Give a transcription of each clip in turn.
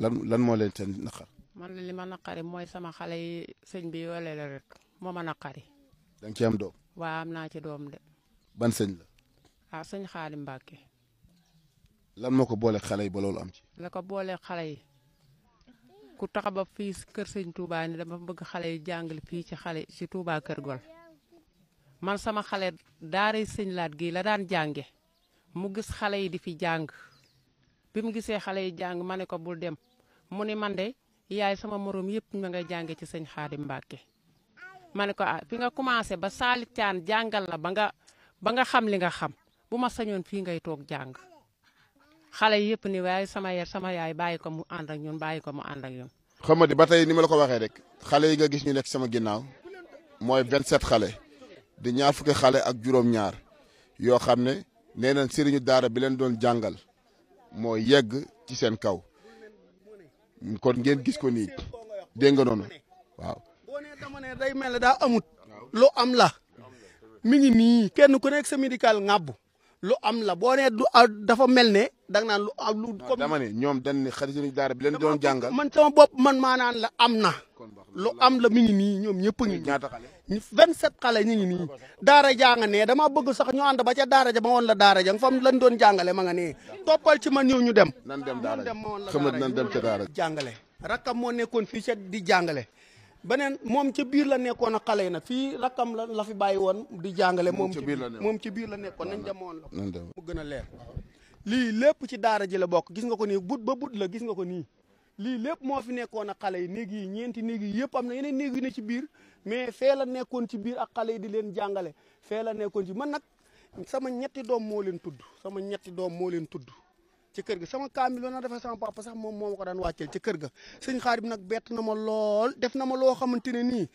lan moo leen seen naqar. man li ma naqari mooy sama xale yi sëñ bi yoolee la rek moo ma naqari. da nga am doom. waaw am naa ci doom de. ban sëñ la. ah sëñ Xaadim Mbàkke. lan moo ko boole xale yi ba am ci. la ko boole xale yi ku taxa ba fii kër sëñ Touba ni dama bëgg xale yi jàngal fii ci xale ci Touba Kër Gol. man sama xale daara sëñ laat gii la daan jànge mu gis xale yi di fi jàng. bi mu gisee xale yi jàng ma ne ko bul dem mu ni man de yaay sama moroom yëpp ma ngay jànge ci señ Xaadim Mbàkke ma ne ko ah fi nga commencé ba Salick Thian jàngal la ba nga ba nga xam li nga xam bu ma sañoon fii ngay toog jàng xale yi yëpp ni waaye sama yer sama yaay bàyyi ko mu ànd ak ñun bàyyi ko mu ànd ak ñun. xam di ba tey ni ma la ko waxee rek xale yi nga gis ñu nekk sama ginnaaw mooy 27 xale di ñaar fukki xale ak juróom-ñaar yoo xam ne nee nañ sëriñu daara bi leen doon jàngal. moo yegg ci seen kaw kon ngeen gis ko nii dégg nga noonu waaw. boo nee dama ne day mel ne daa amut lu am la mi ngi nii kenn ku nekk sa médical ŋàbbu lu am la boo nee du dafa mel ne da nga lu am lu. comme dama ne ñoom dañ ne xarit daara bi leen doon jàngal. man sama bop man maa naan la am na. lu am la mi ngi nii ñoom ñëpp a ngi nii vingt sept xale ñu ngi nii daara jaa nga nee dama bëgg sax ñu ànd ba ca daara ja ma woon la daara ja nga fam doon jàngale ma nga nee toppal ci man ñëw ñu dem nan dem daara ja xamat nan dem ca daara moo nekkoon fii ca di jàngale beneen moom ca biir la nekkoon ak xale yi nag fii rakkam la la fi bàyyi woon di jàngale moom ci moom ci biir la nekkoon nañ dem woon la mu gën a leer lii lépp ci daara ji la bokk gis nga ko nii but ba but la gis nga ko nii lii lépp moo fi nekkoon ak xale yi néeg yi ñeenti néeg yi yëpp am na yeneen néeg yu ne ci biir mais fee la nekkoon ci biir a xale yi di leen jàngale fee la nekkoon ci man nag sama ñetti doom moo leen tudd sama ñetti doom moo leen tudd ci kër ga sama kaamil loolu na defee sama papa moom moo ko daan wàcceel ci kër ga sëñ xaarib nag bett na ma lool def na ma loo xamante ne ni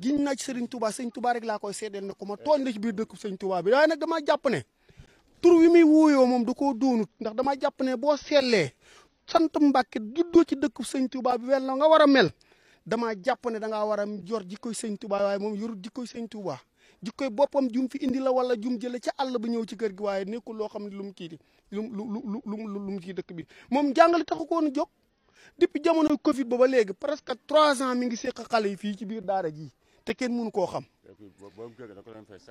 gin na ci sëriñ Touba sëñ Touba rek laa koy seedeel na ko ma tooñ la ci biir dëkk sëñ Touba bi waaye nag dama jàpp ne tur wi muy wuyoo moom du koo doonut ndax damaa jàpp ne boo seetlee sant Mbàkke juddoo ci dëkk sëñ Touba bi wel na nga war a mel dama jàpp ne da ngaa war a yor jikkoy sëñ Touba waaye moom yorut jikkoy sëñ Touba jikkoy boppam jum fi indi la wala jum jële ca àll ba ñëw ci kër gi waaye nekkul loo xam ne lu mu kii di lu mu lu mu lu mu kii dëkk bi moom jàngale taxu ko woon jog jóg depuis jamono Covid ba ba léegi presque trois ans mi ngi seq xale yi fii ci biir daara ji te kenn mun koo xam.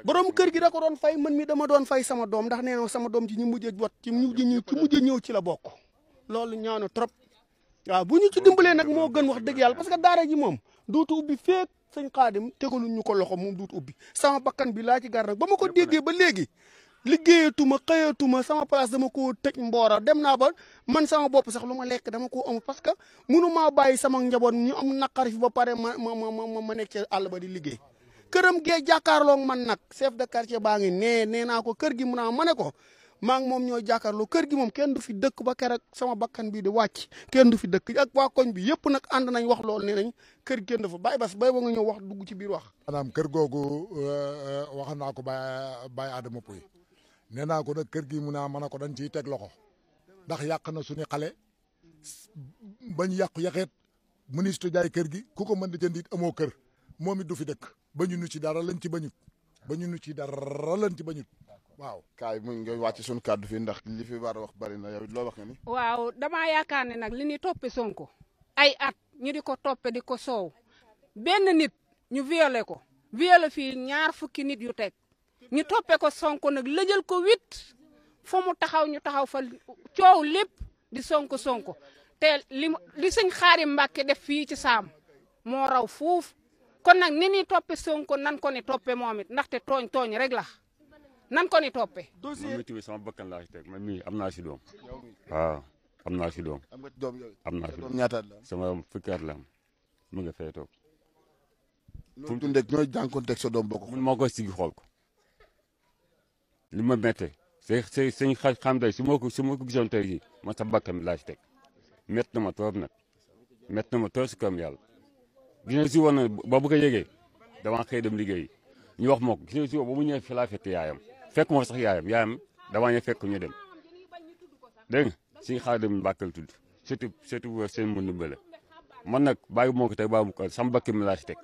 borom kër gi da doon fay man mi dama doon fay sama doom ndax nee na doom ci ñu mujj a jot ci mujj ñëw ci ñëw ci la bokk. loolu ñaanu trop a bu ñu ci dimbalee nag moo gën wax dëgg yàlla parce que daara ji moom dootu ubbi feek sëñ xaadim tegaluñ ñu ko loxo moom dootu ubbi sama bakkan bi laa ci gar nag ba ma ko déggee ba léegi liggéeyatuma xëyatuma sama place dama ko tëj mboora dem naa ba man sama bopp sax lu ma lekk dama ko amul parce que munu maa bàyyi sama njaboot ñu am naqari fi ba pare ma ma ma ma nekk ci àll ba di liggéey. këram gee jàkkaarloo man nag chef de quartier baa ngi nee nee naa ko kër gi mun naa ma ne ko maa moom ñoo jàkkaarloo kër gi moom kenn du fi dëkk ba kerek sama bakkan bii di wàcc kenn du fi dëkk ak waa koñ bi yëpp nag ànd nañ wax loolu nee nañ kër kenn dafa bàyyi bay ba nga ñëw dugg ci biir wax. maanaam kër googu euh, euh, wax naa ko Baye Baye Adama Pouy nee naa ko nag kër gi mu naa mën a ko ciy teg loxo ndax yàq na suñu xale bañ yàqu yàqeet ministre jaay kër gi ku ko mën di amoo kër moom it du fi dëkk bañu nu ci dara lañ ci bañut bañu nu ci dara lañ ci bañut waaw kaay mu nga wàcc suñu kàddu fii ndax li fi war wax bari na yow loo wax nga ni. waaw damaa yaakaar ne nag li ñuy toppee Sonko ay at ñu di ko toppee di ko soow benn nit ñu violé ko violé fii ñaar fukki nit yu teg ñu toppee ko Sonko nag lëjal ko huit fa mu taxaw ñu taxaw fa coow lépp di Sonko Sonko te li li sëñ xaari Mbàkke def fii ci saam moo raw fuuf kon nag ni ñuy toppee Sonko nan ko ni toppee moom it ndaxte tooñ tooñ rek la. nan ko ni toppee. dossier man sama bakkan laa teg ma mii am naa si doom. waaw am naa si doom. am doom am naa si doom sama fukki at la am mu nga fay toog. fu mu dundee ñooy jànkuwanteeg sa doom bokk. man moo koy sigi xool ko li ma méttee. say say sañ xam day ma ko su ma ko gisoon tey jii man sa bakkan bi laa si teg métti na ma toog nag métti na ma toog si kawam yàlla. gis nga si woon na ba bu ko yëgee damaa xëy dem liggéeyi ñu wax ma ko gis nga si woon ba mu ñëwee fi laa fekk yaayam. fekk moo sax yaayam yaayam damaa ñu fekk ñu dem dégg nga suñu Xaadim Mbàkke la tudd surtout surtout seen mën man nag bàyyi moo ko teg bàyyi mu ko sama bakki laa si teg.